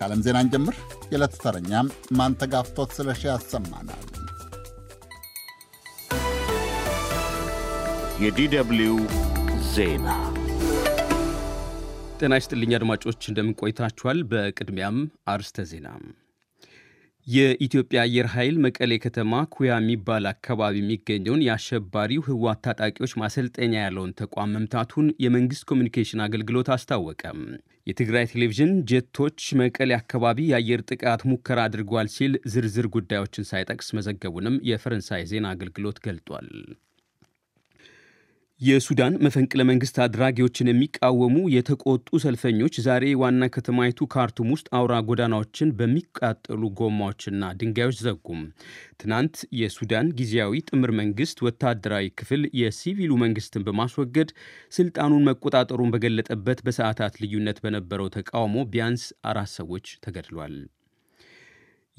ከዓለም ዜና እንጀምር። የዕለት ተረኛ ማንተጋፍቶት ስለሺ ያሰማናል። የዲደብልዩ ዜና ጤና ይስጥልኝ አድማጮች፣ እንደምን ቆይታችኋል? በቅድሚያም አርስተ ዜና የኢትዮጵያ አየር ኃይል መቀሌ ከተማ ኩያ የሚባል አካባቢ የሚገኘውን የአሸባሪው ህወሓት ታጣቂዎች ማሰልጠኛ ያለውን ተቋም መምታቱን የመንግስት ኮሚኒኬሽን አገልግሎት አስታወቀ። የትግራይ ቴሌቪዥን ጀቶች መቀሌ አካባቢ የአየር ጥቃት ሙከራ አድርጓል ሲል ዝርዝር ጉዳዮችን ሳይጠቅስ መዘገቡንም የፈረንሳይ ዜና አገልግሎት ገልጧል። የሱዳን መፈንቅለ መንግስት አድራጊዎችን የሚቃወሙ የተቆጡ ሰልፈኞች ዛሬ ዋና ከተማይቱ ካርቱም ውስጥ አውራ ጎዳናዎችን በሚቃጠሉ ጎማዎችና ድንጋዮች ዘጉም። ትናንት የሱዳን ጊዜያዊ ጥምር መንግስት ወታደራዊ ክፍል የሲቪሉ መንግስትን በማስወገድ ስልጣኑን መቆጣጠሩን በገለጠበት በሰዓታት ልዩነት በነበረው ተቃውሞ ቢያንስ አራት ሰዎች ተገድሏል።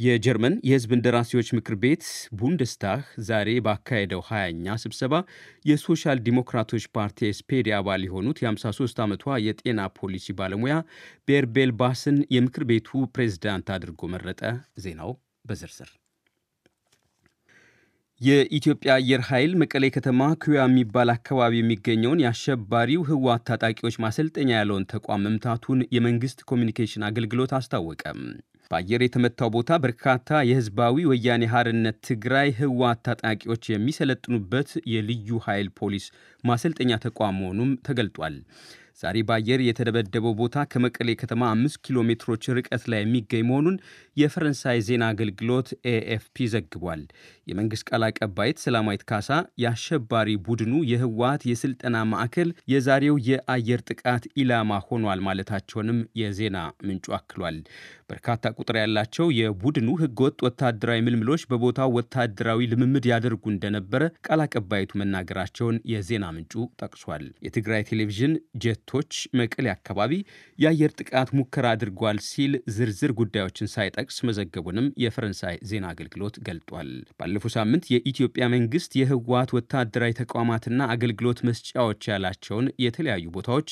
የጀርመን የሕዝብ እንደራሴዎች ምክር ቤት ቡንደስታግ ዛሬ ባካሄደው ሀያኛ ስብሰባ የሶሻል ዲሞክራቶች ፓርቲ ኤስፔድ አባል የሆኑት የ53 ዓመቷ የጤና ፖሊሲ ባለሙያ ቤርቤል ባስን የምክር ቤቱ ፕሬዝዳንት አድርጎ መረጠ። ዜናው በዝርዝር የኢትዮጵያ አየር ኃይል መቀሌ ከተማ ክያ የሚባል አካባቢ የሚገኘውን የአሸባሪው ህወሓት ታጣቂዎች ማሰልጠኛ ያለውን ተቋም መምታቱን የመንግስት ኮሚኒኬሽን አገልግሎት አስታወቀ። በአየር የተመታው ቦታ በርካታ የህዝባዊ ወያኔ ሀርነት ትግራይ ህወሓት ታጣቂዎች የሚሰለጥኑበት የልዩ ኃይል ፖሊስ ማሰልጠኛ ተቋም መሆኑም ተገልጧል። ዛሬ በአየር የተደበደበው ቦታ ከመቀሌ ከተማ አምስት ኪሎ ሜትሮች ርቀት ላይ የሚገኝ መሆኑን የፈረንሳይ ዜና አገልግሎት ኤኤፍፒ ዘግቧል። የመንግስት ቃል አቀባይት ሰላማዊት ካሳ የአሸባሪ ቡድኑ የህወሀት የስልጠና ማዕከል የዛሬው የአየር ጥቃት ኢላማ ሆኗል ማለታቸውንም የዜና ምንጩ አክሏል። በርካታ ቁጥር ያላቸው የቡድኑ ህገወጥ ወታደራዊ ምልምሎች በቦታው ወታደራዊ ልምምድ ያደርጉ እንደነበረ ቃል አቀባይቱ መናገራቸውን የዜና ምንጩ ጠቅሷል። የትግራይ ቴሌቪዥን ጀቱ ሁቲዎች መቀሌ አካባቢ የአየር ጥቃት ሙከራ አድርጓል ሲል ዝርዝር ጉዳዮችን ሳይጠቅስ መዘገቡንም የፈረንሳይ ዜና አገልግሎት ገልጧል። ባለፈው ሳምንት የኢትዮጵያ መንግስት የህወሀት ወታደራዊ ተቋማትና አገልግሎት መስጫዎች ያላቸውን የተለያዩ ቦታዎች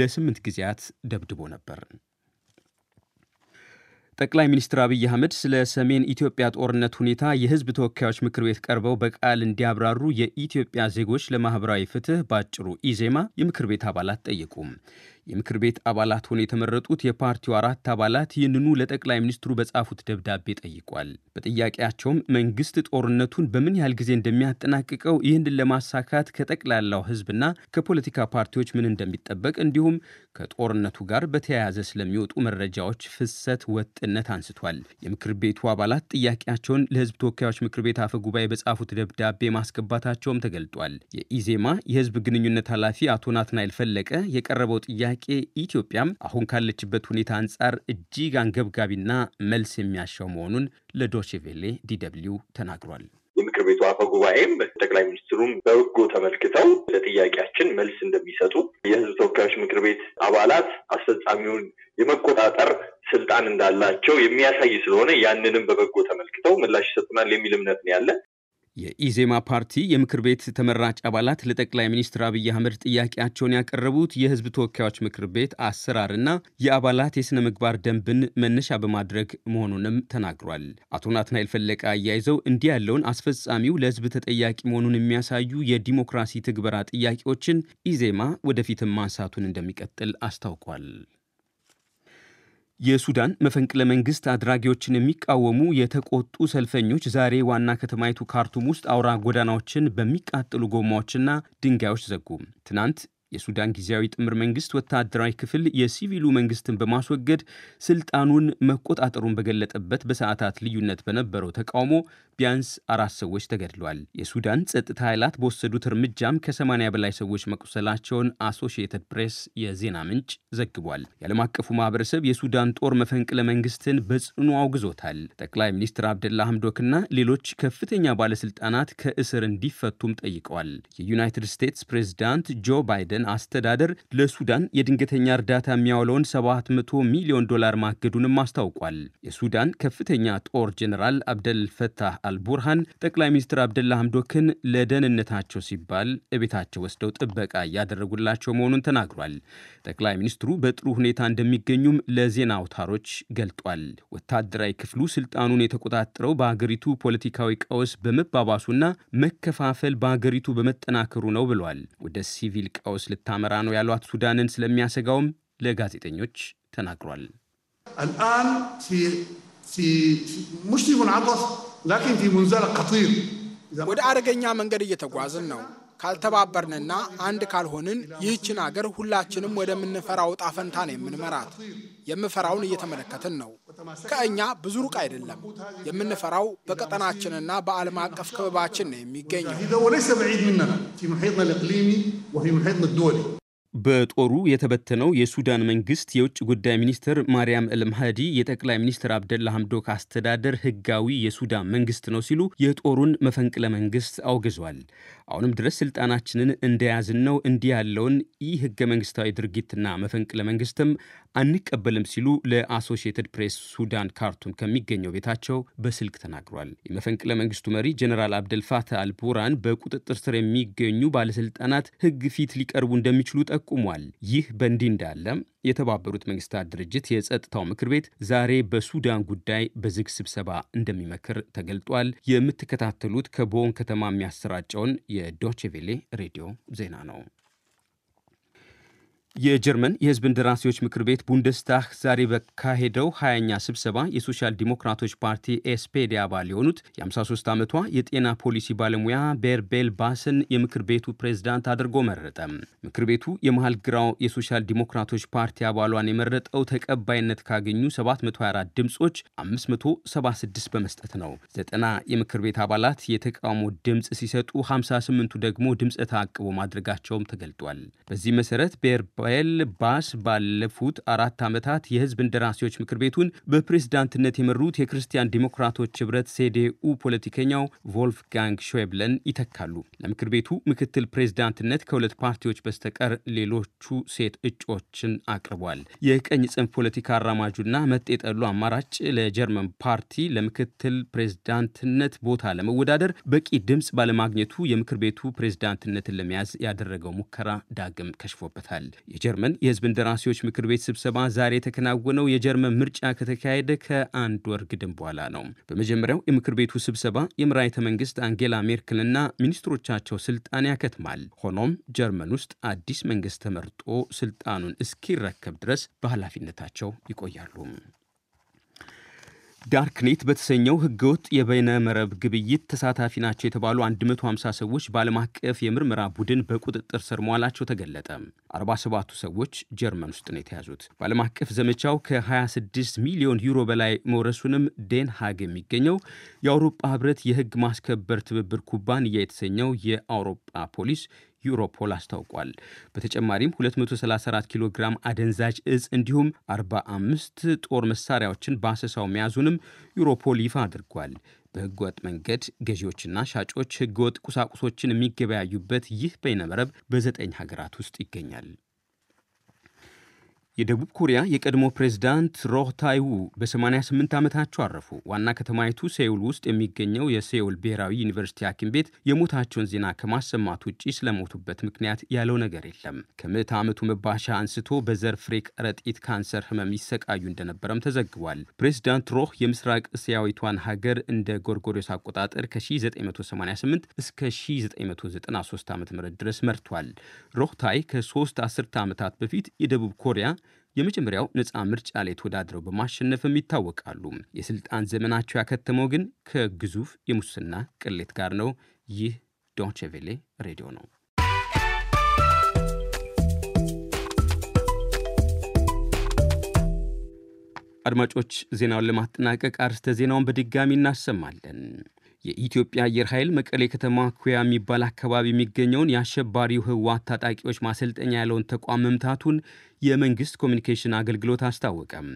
ለስምንት ጊዜያት ደብድቦ ነበር። ጠቅላይ ሚኒስትር አብይ አህመድ ስለ ሰሜን ኢትዮጵያ ጦርነት ሁኔታ የህዝብ ተወካዮች ምክር ቤት ቀርበው በቃል እንዲያብራሩ የኢትዮጵያ ዜጎች ለማህበራዊ ፍትህ በአጭሩ ኢዜማ የምክር ቤት አባላት ጠየቁም። የምክር ቤት አባላት ሆነው የተመረጡት የፓርቲው አራት አባላት ይህንኑ ለጠቅላይ ሚኒስትሩ በጻፉት ደብዳቤ ጠይቋል። በጥያቄያቸውም መንግስት ጦርነቱን በምን ያህል ጊዜ እንደሚያጠናቅቀው፣ ይህንን ለማሳካት ከጠቅላላው ህዝብና ከፖለቲካ ፓርቲዎች ምን እንደሚጠበቅ እንዲሁም ከጦርነቱ ጋር በተያያዘ ስለሚወጡ መረጃዎች ፍሰት ወጥነት አንስቷል። የምክር ቤቱ አባላት ጥያቄያቸውን ለህዝብ ተወካዮች ምክር ቤት አፈ ጉባኤ በጻፉት ደብዳቤ ማስገባታቸውም ተገልጧል። የኢዜማ የህዝብ ግንኙነት ኃላፊ አቶ ናትናኤል ፈለቀ የቀረበው ጥያቄ ጥያቄ ኢትዮጵያም አሁን ካለችበት ሁኔታ አንጻር እጅግ አንገብጋቢና መልስ የሚያሻው መሆኑን ለዶችቬሌ ዲደብሊው ተናግሯል። የምክር ቤቱ አፈ ጉባኤም ጠቅላይ ሚኒስትሩም በበጎ ተመልክተው ለጥያቄያችን መልስ እንደሚሰጡ የህዝብ ተወካዮች ምክር ቤት አባላት አስፈጻሚውን የመቆጣጠር ስልጣን እንዳላቸው የሚያሳይ ስለሆነ ያንንም በበጎ ተመልክተው ምላሽ ይሰጡናል የሚል እምነት ነው ያለ። የኢዜማ ፓርቲ የምክር ቤት ተመራጭ አባላት ለጠቅላይ ሚኒስትር አብይ አህመድ ጥያቄያቸውን ያቀረቡት የህዝብ ተወካዮች ምክር ቤት አሰራርና የአባላት የሥነ ምግባር ደንብን መነሻ በማድረግ መሆኑንም ተናግሯል። አቶ ናትናኤል ፈለቀ አያይዘው እንዲህ ያለውን አስፈጻሚው ለህዝብ ተጠያቂ መሆኑን የሚያሳዩ የዲሞክራሲ ትግበራ ጥያቄዎችን ኢዜማ ወደፊትም ማንሳቱን እንደሚቀጥል አስታውቋል። የሱዳን መፈንቅለ መንግስት አድራጊዎችን የሚቃወሙ የተቆጡ ሰልፈኞች ዛሬ ዋና ከተማይቱ ካርቱም ውስጥ አውራ ጎዳናዎችን በሚቃጠሉ ጎማዎችና ድንጋዮች ዘጉ። ትናንት የሱዳን ጊዜያዊ ጥምር መንግስት ወታደራዊ ክፍል የሲቪሉ መንግስትን በማስወገድ ስልጣኑን መቆጣጠሩን በገለጠበት በሰዓታት ልዩነት በነበረው ተቃውሞ ቢያንስ አራት ሰዎች ተገድለዋል። የሱዳን ጸጥታ ኃይላት በወሰዱት እርምጃም ከ80 በላይ ሰዎች መቁሰላቸውን አሶሺየትድ ፕሬስ የዜና ምንጭ ዘግቧል። የዓለም አቀፉ ማህበረሰብ የሱዳን ጦር መፈንቅለ መንግስትን በጽኑ አውግዞታል። ጠቅላይ ሚኒስትር አብደላ ሐምዶክና ሌሎች ከፍተኛ ባለስልጣናት ከእስር እንዲፈቱም ጠይቀዋል። የዩናይትድ ስቴትስ ፕሬዚዳንት ጆ ባይደን ባይደን አስተዳደር ለሱዳን የድንገተኛ እርዳታ የሚያውለውን 700 ሚሊዮን ዶላር ማገዱንም አስታውቋል። የሱዳን ከፍተኛ ጦር ጀኔራል አብደልፈታህ አልቡርሃን ጠቅላይ ሚኒስትር አብደላ ሐምዶክን ለደህንነታቸው ሲባል እቤታቸው ወስደው ጥበቃ እያደረጉላቸው መሆኑን ተናግሯል። ጠቅላይ ሚኒስትሩ በጥሩ ሁኔታ እንደሚገኙም ለዜና አውታሮች ገልጧል። ወታደራዊ ክፍሉ ስልጣኑን የተቆጣጠረው በአገሪቱ ፖለቲካዊ ቀውስ በመባባሱና መከፋፈል በአገሪቱ በመጠናከሩ ነው ብሏል። ወደ ሲቪል ቀውስ ልታመራ ነው ያሏት ሱዳንን ስለሚያሰጋውም ለጋዜጠኞች ተናግሯል። ወደ አደገኛ መንገድ እየተጓዝን ነው። ካልተባበርንና አንድ ካልሆንን ይህችን አገር ሁላችንም ወደምንፈራው ዕጣ ፈንታ ነው የምንመራት። የምፈራውን እየተመለከትን ነው። ከእኛ ብዙ ሩቅ አይደለም። የምንፈራው በቀጠናችንና በዓለም አቀፍ ክበባችን ነው የሚገኘው። በጦሩ የተበተነው የሱዳን መንግስት የውጭ ጉዳይ ሚኒስትር ማርያም ኤልማህዲ የጠቅላይ ሚኒስትር አብደላ ሐምዶክ አስተዳደር ህጋዊ የሱዳን መንግስት ነው ሲሉ የጦሩን መፈንቅለ መንግስት አውግዟል። አሁንም ድረስ ስልጣናችንን እንደያዝን ነው። እንዲህ ያለውን ይህ ህገ መንግስታዊ ድርጊትና መፈንቅለ መንግስትም አንቀበልም ሲሉ ለአሶሺየትድ ፕሬስ ሱዳን ካርቱም ከሚገኘው ቤታቸው በስልክ ተናግሯል። የመፈንቅለ መንግስቱ መሪ ጀኔራል አብደልፋት አልቡራን በቁጥጥር ስር የሚገኙ ባለስልጣናት ህግ ፊት ሊቀርቡ እንደሚችሉ ጠቁሟል። ይህ በእንዲህ እንዳለ የተባበሩት መንግስታት ድርጅት የጸጥታው ምክር ቤት ዛሬ በሱዳን ጉዳይ በዝግ ስብሰባ እንደሚመክር ተገልጧል። የምትከታተሉት ከቦን ከተማ የሚያሰራጨውን የዶቼቬሌ ሬዲዮ ዜና ነው። የጀርመን የህዝብን እንደራሴዎች ምክር ቤት ቡንደስታህ ዛሬ በካሄደው ሀያኛ ስብሰባ የሶሻል ዲሞክራቶች ፓርቲ ኤስፔዲ አባል የሆኑት የ53 ዓመቷ የጤና ፖሊሲ ባለሙያ ቤርቤል ባስን የምክር ቤቱ ፕሬዝዳንት አድርጎ መረጠ። ምክር ቤቱ የመሀል ግራው የሶሻል ዲሞክራቶች ፓርቲ አባሏን የመረጠው ተቀባይነት ካገኙ 724 ድምፆች 576 በመስጠት ነው። ዘጠና የምክር ቤት አባላት የተቃውሞ ድምፅ ሲሰጡ 58ቱ ደግሞ ድምፀ ተአቅቦ ማድረጋቸውም ተገልጧል። በዚህ መሰረት ቤር ራፋኤል ባስ ባለፉት አራት ዓመታት የህዝብ እንደራሴዎች ምክር ቤቱን በፕሬዝዳንትነት የመሩት የክርስቲያን ዲሞክራቶች ህብረት ሴዴኡ ፖለቲከኛው ቮልፍጋንግ ሾይብለን ይተካሉ። ለምክር ቤቱ ምክትል ፕሬዝዳንትነት ከሁለት ፓርቲዎች በስተቀር ሌሎቹ ሴት እጮችን አቅርቧል። የቀኝ ጽንፍ ፖለቲካ አራማጁና መጤጠሉ አማራጭ ለጀርመን ፓርቲ ለምክትል ፕሬዝዳንትነት ቦታ ለመወዳደር በቂ ድምፅ ባለማግኘቱ የምክር ቤቱ ፕሬዝዳንትነትን ለመያዝ ያደረገው ሙከራ ዳግም ከሽፎበታል። የጀርመን የህዝብ እንደራሴዎች ምክር ቤት ስብሰባ ዛሬ የተከናወነው የጀርመን ምርጫ ከተካሄደ ከአንድ ወር ግድም በኋላ ነው። በመጀመሪያው የምክር ቤቱ ስብሰባ የመራሒተ መንግስት አንጌላ ሜርክልና ሚኒስትሮቻቸው ስልጣን ያከትማል። ሆኖም ጀርመን ውስጥ አዲስ መንግስት ተመርጦ ስልጣኑን እስኪረከብ ድረስ በኃላፊነታቸው ይቆያሉ። ዳርክኔት በተሰኘው ህገወጥ የበይነ መረብ ግብይት ተሳታፊ ናቸው የተባሉ 150 ሰዎች በዓለም አቀፍ የምርመራ ቡድን በቁጥጥር ስር መዋላቸው ተገለጠ። 47ቱ ሰዎች ጀርመን ውስጥ ነው የተያዙት። በዓለም አቀፍ ዘመቻው ከ26 ሚሊዮን ዩሮ በላይ መውረሱንም ሃግ የሚገኘው የአውሮፓ ህብረት የህግ ማስከበር ትብብር ኩባንያ የተሰኘው የአውሮፓ ፖሊስ ዩሮፖል አስታውቋል። በተጨማሪም 234 ኪሎ ግራም አደንዛዥ እጽ እንዲሁም 45 ጦር መሳሪያዎችን በአሰሳው መያዙንም ዩሮፖል ይፋ አድርጓል። በህገወጥ መንገድ ገዢዎችና ሻጮች ህገወጥ ቁሳቁሶችን የሚገበያዩበት ይህ በይነመረብ በዘጠኝ ሀገራት ውስጥ ይገኛል። የደቡብ ኮሪያ የቀድሞ ፕሬዝዳንት ሮህ ታይዉ በ88 ዓመታቸው አረፉ። ዋና ከተማይቱ ሴውል ውስጥ የሚገኘው የሴውል ብሔራዊ ዩኒቨርሲቲ ሐኪም ቤት የሞታቸውን ዜና ከማሰማት ውጪ ስለሞቱበት ምክንያት ያለው ነገር የለም። ከምዕተ ዓመቱ መባሻ አንስቶ በዘር ፍሬ ቀረጢት ካንሰር ህመም ይሰቃዩ እንደነበረም ተዘግቧል። ፕሬዝዳንት ሮህ የምስራቅ እስያዊቷን ሀገር እንደ ጎርጎሪዮስ አቆጣጠር ከ1988 እስከ 1993 ዓ ም ድረስ መርቷል። ሮህ ታይ ከሶስት አስርተ ዓመታት በፊት የደቡብ ኮሪያ የመጀመሪያው ነፃ ምርጫ ላይ ተወዳድረው በማሸነፍም ይታወቃሉ። የስልጣን ዘመናቸው ያከተመው ግን ከግዙፍ የሙስና ቅሌት ጋር ነው። ይህ ዶቼ ሬዲዮ ነው። አድማጮች ዜናውን ለማጠናቀቅ አርስተ ዜናውን በድጋሚ እናሰማለን። የኢትዮጵያ አየር ኃይል መቀሌ ከተማ ኩያ የሚባል አካባቢ የሚገኘውን የአሸባሪው ህወሓት ታጣቂዎች ማሰልጠኛ ያለውን ተቋም መምታቱን የመንግስት ኮሚኒኬሽን አገልግሎት አስታወቀም።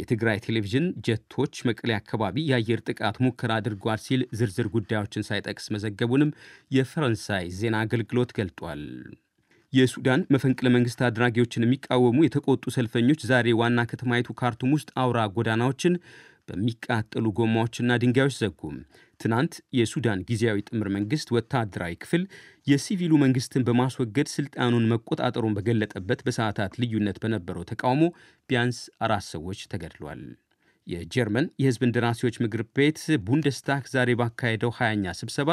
የትግራይ ቴሌቪዥን ጀቶች መቀሌ አካባቢ የአየር ጥቃት ሙከራ አድርጓል ሲል ዝርዝር ጉዳዮችን ሳይጠቅስ መዘገቡንም የፈረንሳይ ዜና አገልግሎት ገልጧል። የሱዳን መፈንቅለ መንግስት አድራጊዎችን የሚቃወሙ የተቆጡ ሰልፈኞች ዛሬ ዋና ከተማይቱ ካርቱም ውስጥ አውራ ጎዳናዎችን በሚቃጠሉ ጎማዎችና ድንጋዮች ዘጉም። ትናንት የሱዳን ጊዜያዊ ጥምር መንግስት ወታደራዊ ክፍል የሲቪሉ መንግስትን በማስወገድ ስልጣኑን መቆጣጠሩን በገለጠበት በሰዓታት ልዩነት በነበረው ተቃውሞ ቢያንስ አራት ሰዎች ተገድለዋል። የጀርመን የህዝብ እንደራሴዎች ምክር ቤት ቡንደስታክ ዛሬ ባካሄደው ሀያኛ ስብሰባ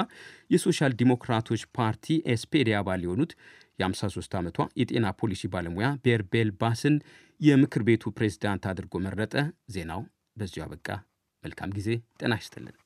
የሶሻል ዲሞክራቶች ፓርቲ ኤስፔዲ አባል የሆኑት የ53 ዓመቷ የጤና ፖሊሲ ባለሙያ ቤርቤል ባስን የምክር ቤቱ ፕሬዝዳንት አድርጎ መረጠ። ዜናው በዚሁ አበቃ። መልካም ጊዜ። ጤና ይስጥልን።